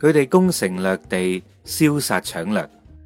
佢哋攻城略地、燒殺搶掠，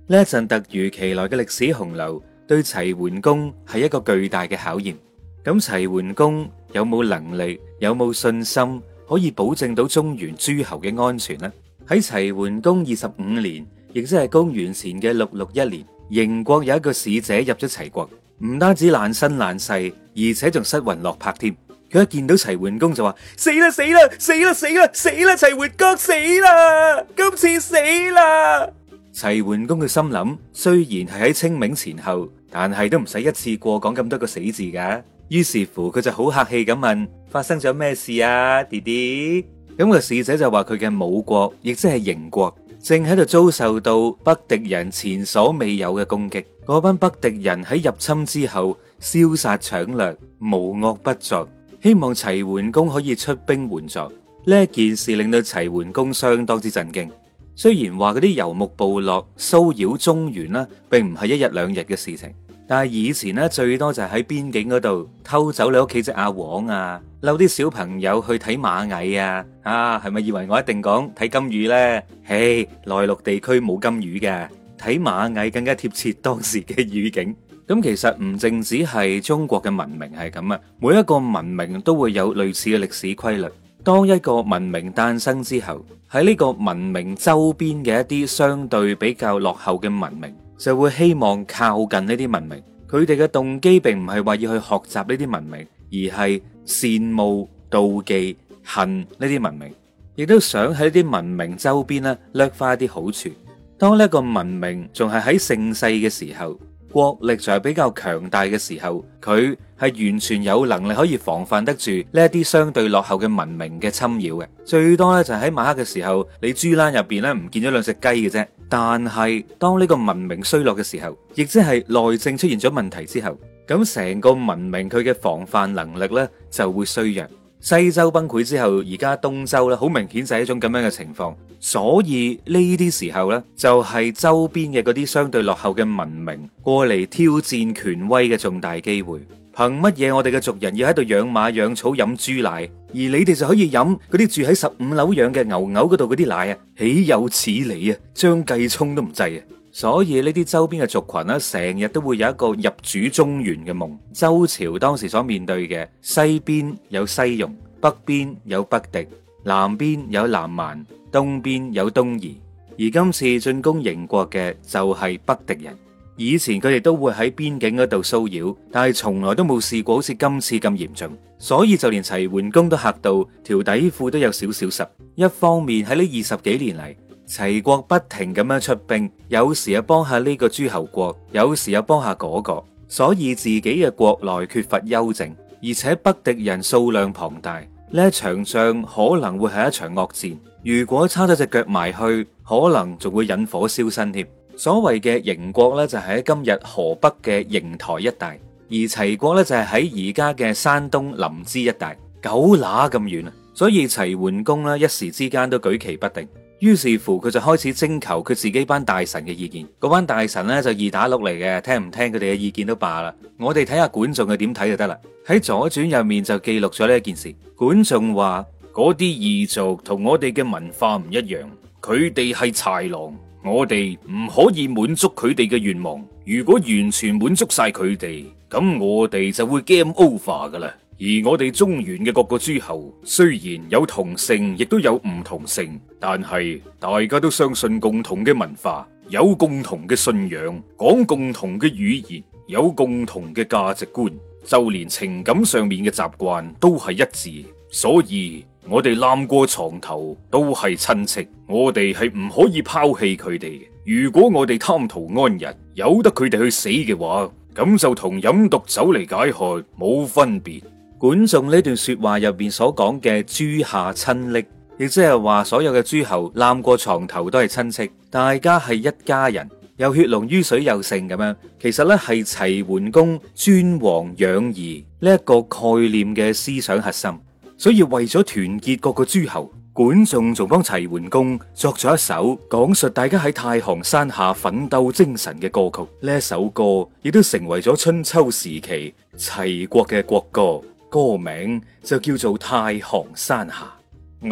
呢一陣突如其來嘅歷史洪流對齊桓公係一個巨大嘅考驗。咁齊桓公有冇能力、有冇信心可以保證到中原諸侯嘅安全呢？喺齊桓公二十五年，亦即係公元前嘅六六一年，邢國有一個使者入咗齊國，唔單止爛身爛世，而且仲失魂落魄添。佢一見到齊桓公就話，死啦，死啦，死啦，死啦，死啦！齊桓公死啦，今次死啦。齊桓公佢心諗，雖然係喺清明前後，但係都唔使一次過講咁多個死字噶。於是乎，佢就好客氣咁問：發生咗咩事啊，弟弟？咁個使者就話佢嘅母國，亦即係衛國，正喺度遭受到北狄人前所未有嘅攻擊。嗰班北狄人喺入侵之後，燒殺搶掠，無惡不作。希望齊桓公可以出兵援助，呢一件事令到齊桓公相當之震驚。雖然話嗰啲游牧部落騷擾中原啦，並唔係一日兩日嘅事情，但係以前呢最多就係喺邊境嗰度偷走你屋企隻阿黃啊，嬲啲小朋友去睇螞蟻啊，啊係咪以為我一定講睇金魚呢？嘿，內陸地區冇金魚嘅，睇螞蟻更加貼切當時嘅語境。咁其實唔淨止係中國嘅文明係咁啊，每一個文明都會有類似嘅歷史規律。當一個文明誕生之後，喺呢個文明周邊嘅一啲相對比較落後嘅文明，就會希望靠近呢啲文明。佢哋嘅動機並唔係話要去學習呢啲文明，而係羨慕、妒忌、恨呢啲文明，亦都想喺呢啲文明周邊咧掠返一啲好處。當呢個文明仲係喺盛世嘅時候，國力就係比較強大嘅時候，佢係完全有能力可以防範得住呢一啲相對落後嘅文明嘅侵擾嘅。最多咧就係喺晚黑嘅時候，你豬欄入邊咧唔見咗兩隻雞嘅啫。但係當呢個文明衰落嘅時候，亦即係內政出現咗問題之後，咁成個文明佢嘅防範能力咧就會衰弱。西周崩潰之後，而家東周咧，好明顯就係一種咁樣嘅情況。所以呢啲時候呢，就係周邊嘅嗰啲相對落後嘅文明過嚟挑戰權威嘅重大機會。憑乜嘢我哋嘅族人要喺度養馬養草飲豬奶，而你哋就可以飲嗰啲住喺十五樓養嘅牛牛嗰度嗰啲奶啊？豈有此理啊！張繼聰都唔制啊！所以呢啲周邊嘅族群咧，啊，成日都會有一個入主中原嘅夢。周朝當時所面對嘅西邊有西戎，北邊有北狄，南邊有南蠻，東邊有東夷。而今次進攻邢國嘅就係北狄人。以前佢哋都會喺邊境嗰度騷擾，但係從來都冇試過好似今次咁嚴重。所以就連齊桓公都嚇到，條底褲都有少少濕。一方面喺呢二十幾年嚟。齊國不停咁樣出兵，有時又幫下呢個諸侯國，有時又幫下嗰個，所以自己嘅國內缺乏休整，而且北敵人數量龐大，呢一場仗可能會係一場惡戰。如果差咗隻腳埋去，可能仲會引火燒身添。所謂嘅邢國呢，就喺今日河北嘅邢台一帶，而齊國呢，就係喺而家嘅山東臨淄一帶，狗乸咁遠啊！所以齊桓公呢，一時之間都舉棋不定。於是乎，佢就開始徵求佢自己班大臣嘅意見。嗰班大臣咧就二打六嚟嘅，聽唔聽佢哋嘅意見都罷啦。我哋睇下管仲係點睇就得啦。喺左傳入面就記錄咗呢一件事。管仲話：嗰啲異族同我哋嘅文化唔一樣，佢哋係豺狼，我哋唔可以滿足佢哋嘅願望。如果完全滿足晒佢哋，咁我哋就會 game over 噶啦。而我哋中原嘅各個諸侯雖然有同姓亦都有唔同姓，但係大家都相信共同嘅文化，有共同嘅信仰，講共同嘅語言，有共同嘅價值觀，就連情感上面嘅習慣都係一致。所以我哋攬過床頭都係親戚，我哋係唔可以拋棄佢哋。如果我哋貪圖安逸，由得佢哋去死嘅話，咁就同飲毒酒嚟解渴冇分別。管仲呢段說話入邊所講嘅諸夏親昵亦即係話所有嘅諸侯攬過床頭都係親戚，大家係一家人，有血濃於水又盛咁樣。其實呢係齊桓公尊王攘夷呢一個概念，嘅思想核心。所以為咗團結各個諸侯，管仲仲幫齊桓公作咗一首講述大家喺太行山下奮鬥精神嘅歌曲。呢一首歌亦都成為咗春秋時期齊國嘅國歌。歌名就叫做《太行山下》，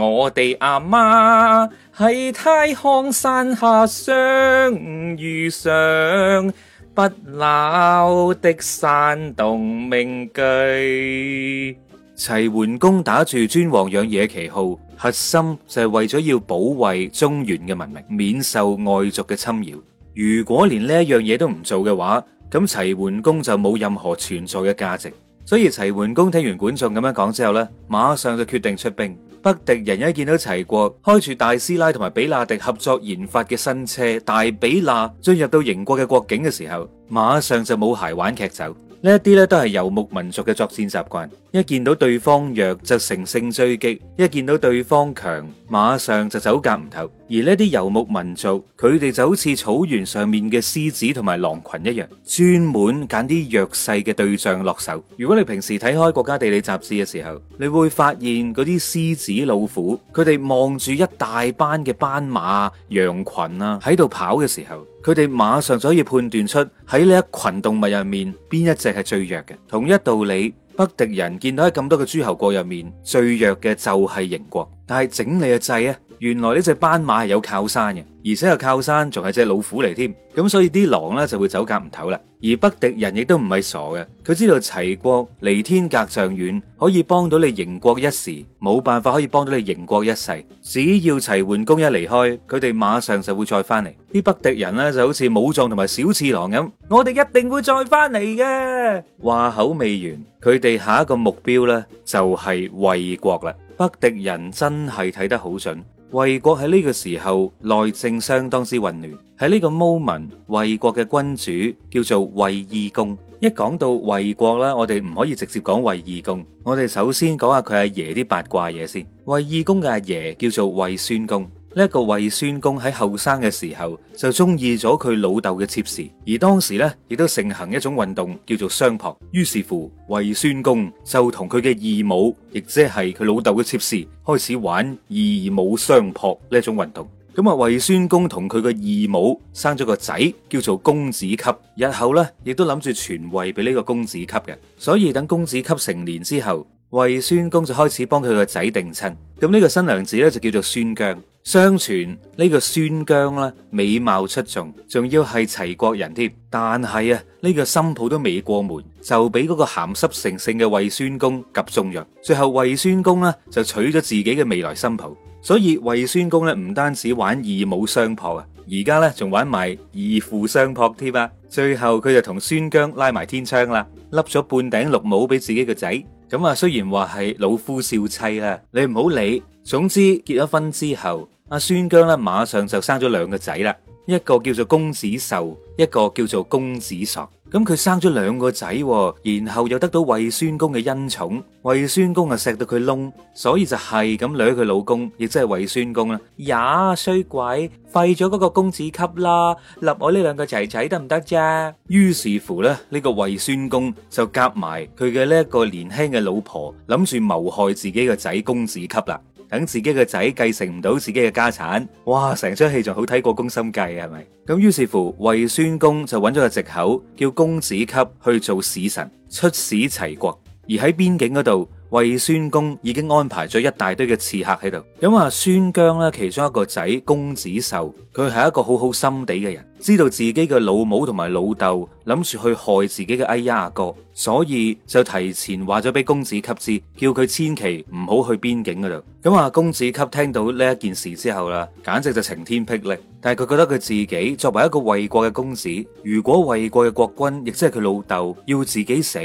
我哋阿媽喺太行山下相遇上不老的山洞名句。齊桓公打住尊王攘夷旗號，核心就係為咗要保衛中原嘅文明，免受外族嘅侵擾。如果連呢一樣嘢都唔做嘅話，咁齊桓公就冇任何存在嘅價值。所以齊桓公聽完管仲咁樣講之後呢，馬上就決定出兵。北狄人一見到齊國開住大師奶同埋比亞迪合作研發嘅新車大比亞，進入到邢國嘅國境嘅時候，馬上就冇鞋玩劇走。呢一啲咧都係游牧民族嘅作戰習慣，一見到對方弱就乘勝追擊，一見到對方強，馬上就走夾唔抖。而呢啲游牧民族，佢哋就好似草原上面嘅獅子同埋狼群一樣，專門揀啲弱勢嘅對象落手。如果你平時睇開國家地理雜誌嘅時候，你會發現嗰啲獅子、老虎，佢哋望住一大班嘅斑馬、羊群啊，喺度跑嘅時候。佢哋馬上就可以判斷出喺呢一群動物入面邊一隻係最弱嘅。同一道理，北狄人見到喺咁多嘅諸侯國入面最弱嘅就係邢國，但係整理嘅掣。啊！原來呢隻斑馬係有靠山嘅，而且有靠山仲係隻老虎嚟添，咁所以啲狼呢就會走夾唔唞啦。而北狄人亦都唔係傻嘅，佢知道齊國離天隔丈遠，可以幫到你邢國一時，冇辦法可以幫到你邢國一世。只要齊桓公一離開，佢哋馬上就會再翻嚟。啲北狄人呢就好似武藏同埋小次郎咁，我哋一定會再翻嚟嘅。話口未完，佢哋下一個目標呢，就係、是、衛國啦。北狄人真係睇得好準。衛國喺呢個時候內政相當之混亂，喺呢個 moment，衛國嘅君主叫做衛懿公。一講到衛國啦，我哋唔可以直接講衛懿公，我哋首先講下佢阿爺啲八卦嘢先。衛懿公嘅阿爺叫做衛宣公。呢一個衛宣公喺後生嘅時候就中意咗佢老豆嘅妾侍，而當時呢亦都盛行一種運動叫做相撲，於是乎衛宣公就同佢嘅義母，亦即係佢老豆嘅妾侍開始玩義母相撲呢一種運動。咁、嗯、啊，衛宣公同佢嘅義母生咗個仔叫做公子級，日後呢，亦都諗住傳位俾呢個公子級嘅，所以等公子級成年之後，衛宣公就開始幫佢個仔定親。咁、嗯、呢、這個新娘子咧就叫做宣姜。相傳呢、這個宣姜呢，美貌出眾，仲要係齊國人添。但係啊，呢、這個新抱都未過門，就俾嗰個鹹濕成性嘅衛宣公及中藥。最後衛宣公呢就娶咗自己嘅未來新抱。所以衛宣公呢唔單止玩二母相撲啊，而家呢仲玩埋二父相撲添啊。最後佢就同宣姜拉埋天窗啦，笠咗半頂綠帽俾自己個仔。咁啊，雖然話係老夫少妻啦，你唔好理。總之結咗婚之後。阿孫、啊、姜咧，馬上就生咗兩個仔啦，一個叫做公子壽，一個叫做公子朔。咁、嗯、佢生咗兩個仔、哦，然後又得到衛宣公嘅恩寵，衛宣公啊錫到佢燶，所以就係咁掠佢老公，亦即係衛宣公啦，呀，衰鬼，廢咗嗰個公子伋啦，立我呢兩個仔仔得唔得啫？行行啊、於是乎咧，呢、這個衛宣公就夾埋佢嘅呢一個年輕嘅老婆，諗住謀害自己嘅仔公子伋啦。等自己嘅仔繼承唔到自己嘅家產，哇！成出戲仲好睇過《宮心計》啊，係咪？咁於是乎，衛宣公就揾咗個藉口，叫公子伋去做使臣出使齊國，而喺邊境嗰度。衛宣公已經安排咗一大堆嘅刺客喺度。咁話宣姜咧，其中一個仔公子壽，佢係一個好好心地嘅人，知道自己嘅老母同埋老豆諗住去害自己嘅哎呀阿哥，所以就提前話咗俾公子及知，叫佢千祈唔好去邊境嗰度。咁話公子及聽到呢一件事之後啦，簡直就晴天霹靂。但係佢覺得佢自己作為一個衛國嘅公子，如果衛國嘅國君亦即係佢老豆要自己死。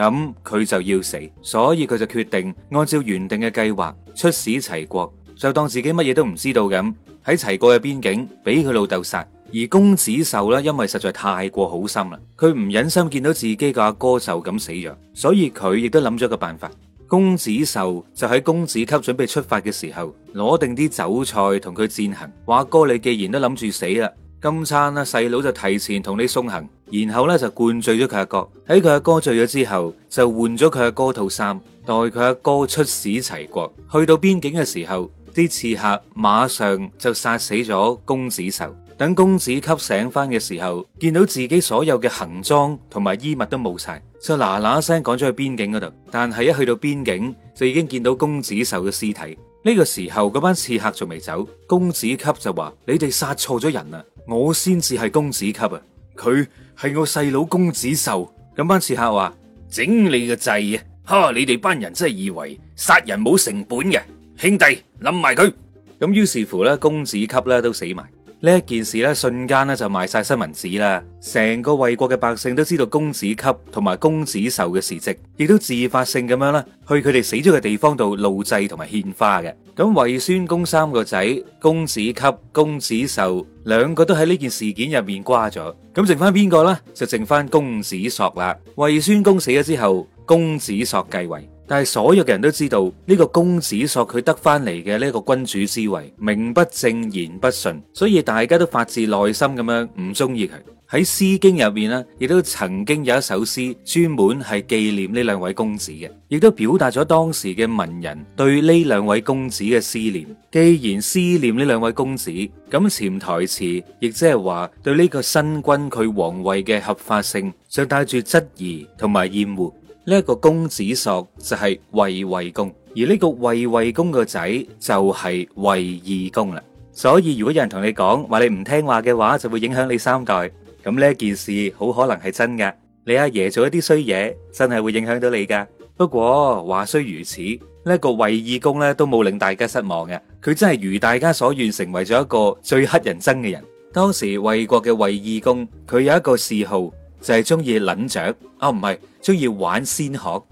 咁佢、嗯、就要死，所以佢就決定按照原定嘅計劃出使齊國，就當自己乜嘢都唔知道咁喺齊國嘅邊境俾佢老豆殺。而公子壽呢，因為實在太過好心啦，佢唔忍心見到自己嘅阿哥，哥就咁死咗，所以佢亦都諗咗個辦法。公子壽就喺公子伋準備出發嘅時候攞定啲酒菜同佢餞行，話，哥，你既然都諗住死啦。今餐啦，細佬就提前同你送行，然後咧就灌醉咗佢阿哥。喺佢阿哥醉咗之後，就換咗佢阿哥套衫，代佢阿哥出使齊國。去到邊境嘅時候，啲刺客馬上就殺死咗公子壽。等公子級醒翻嘅時候，見到自己所有嘅行裝同埋衣物都冇晒，就嗱嗱聲趕咗去邊境嗰度。但係一去到邊境，就已經見到公子壽嘅屍體。呢、這個時候，嗰班刺客仲未走，公子級就話：你哋殺錯咗人啦！我先至係公子級啊，佢係我細佬公子壽。咁班刺客話：整你個掣啊！哈，你哋班人真係以為殺人冇成本嘅，兄弟諗埋佢。咁於是乎咧，公子級咧都死埋。呢一件事咧，瞬間咧就賣晒新聞紙啦！成個衛國嘅百姓都知道公子伋同埋公子壽嘅事跡，亦都自發性咁樣啦，去佢哋死咗嘅地方度路祭同埋獻花嘅。咁衛宣公三個仔，公子伋、公子壽，兩個都喺呢件事件入面瓜咗，咁剩翻邊個呢？就剩翻公子朔啦。衛宣公死咗之後，公子朔繼位。但係所有嘅人都知道呢，這個公子索佢得翻嚟嘅呢個君主之位，名不正言不順，所以大家都發自內心咁樣唔中意佢。喺《詩經》入面呢，亦都曾經有一首詩專門係紀念呢兩位公子嘅，亦都表達咗當時嘅文人對呢兩位公子嘅思念。既然思念呢兩位公子，咁潛台詞亦即係話對呢個新君佢王位嘅合法性，就帶住質疑同埋厭惡。呢一個公子朔就係衛惠公，而呢個衛惠公個仔就係衛懿公啦。所以如果有人同你講話你唔聽話嘅話，就會影響你三代。咁呢一件事好可能係真嘅。你阿爺做一啲衰嘢，真係會影響到你噶。不過話雖如此，呢一個衛懿公咧都冇令大家失望嘅，佢真係如大家所願，成為咗一個最乞人憎嘅人。當時衛國嘅衛懿公，佢有一個嗜好。就係中意捻雀啊，唔係中意玩仙鶴，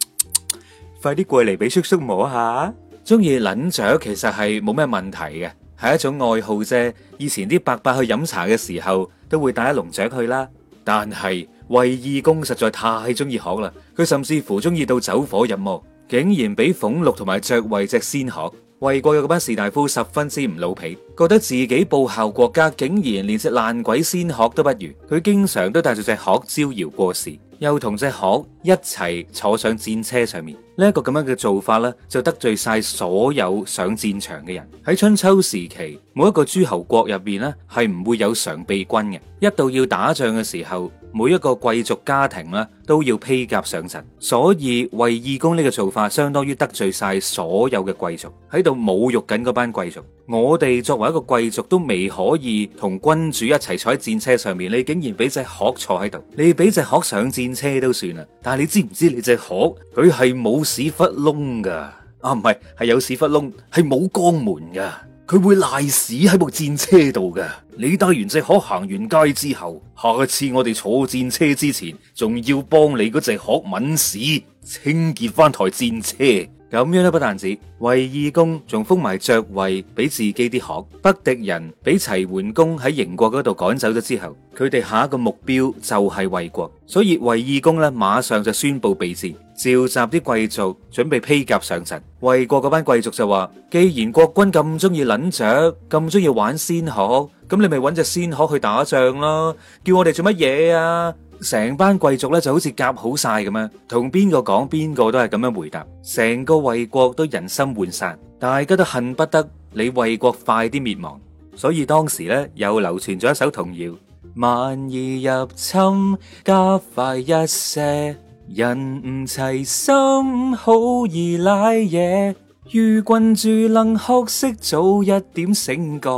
快啲過嚟俾叔叔摸下。中意捻雀其實係冇咩問題嘅，係一種愛好啫。以前啲伯伯去飲茶嘅時候都會帶一籠雀去啦。但係衛懿公實在太中意學啦，佢甚至乎中意到走火入魔，竟然俾俸祿同埋爵位隻仙鶴。衛國有班士大夫十分之唔老皮，覺得自己報效國家，竟然連隻爛鬼仙鶴，都不如。佢經常都帶住隻鶴招搖過市，又同隻鶴一齊坐上戰車上面。呢一個咁樣嘅做法呢，就得罪晒所有上戰場嘅人。喺春秋時期，每一個諸侯國入邊呢，係唔會有常備軍嘅。一到要打仗嘅時候，每一個貴族家庭呢，都要披甲上陣。所以衛懿公呢個做法，相當於得罪晒所有嘅貴族，喺度侮辱緊嗰班貴族。我哋作為一個貴族，都未可以同君主一齊坐喺戰車上面，你竟然俾隻鶴坐喺度，你俾隻鶴上戰車都算啦。但係你知唔知你隻鶴，佢係冇？屎忽窿噶啊，唔係，係有屎忽窿，係冇肛門噶。佢會賴屎喺部戰車度噶。你帶完隻鶴行完街之後，下次我哋坐戰車之前，仲要幫你嗰隻鶴抆屎清潔翻台戰車。咁樣都不但止衛懿公仲封埋爵位俾自己啲學北狄人，俾齊桓公喺邢國嗰度趕走咗之後，佢哋下一個目標就係衛國，所以衛懿公呢，馬上就宣布備戰，召集啲貴族準備披甲上陣。衛國嗰班貴族就話：既然國君咁中意捻雀，咁中意玩仙鶴，咁你咪揾隻仙鶴去打仗啦！叫我哋做乜嘢啊？成班貴族咧就好似夾好晒咁樣，同邊個講邊個都係咁樣回答，成個衛國都人心渙散，大家都恨不得你衛國快啲滅亡。所以當時咧又流傳咗一首童謠：萬二入侵加快一些，人唔齊心好易瀨嘢。如郡住，能學識早一點醒覺，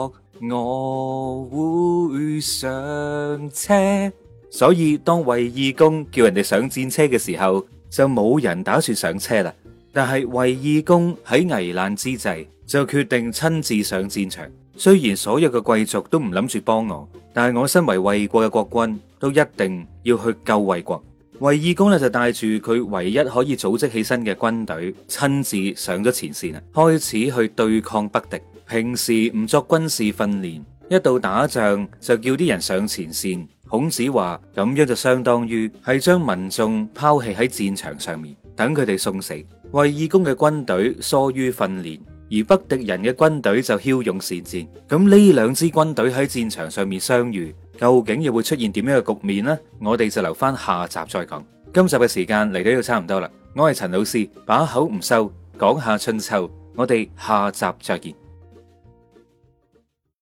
我會上車。所以，當衛懿公叫人哋上戰車嘅時候，就冇人打算上車啦。但係衛懿公喺危難之際，就決定親自上戰場。雖然所有嘅貴族都唔諗住幫我，但係我身為衛國嘅國君，都一定要去救衛國。衛懿公呢，就帶住佢唯一可以組織起身嘅軍隊，親自上咗前線啦，開始去對抗北狄。平時唔作軍事訓練，一到打仗就叫啲人上前線。孔子話咁樣就相當於係將民眾拋棄喺戰場上面，等佢哋送死，衛懿公嘅軍隊疏於訓練，而北狄人嘅軍隊就驍勇善戰。咁呢兩支軍隊喺戰場上面相遇，究竟又會出現點樣嘅局面呢？我哋就留翻下集再講。今集嘅時間嚟到呢度差唔多啦，我係陳老師，把口唔收，講下春秋。我哋下集再見。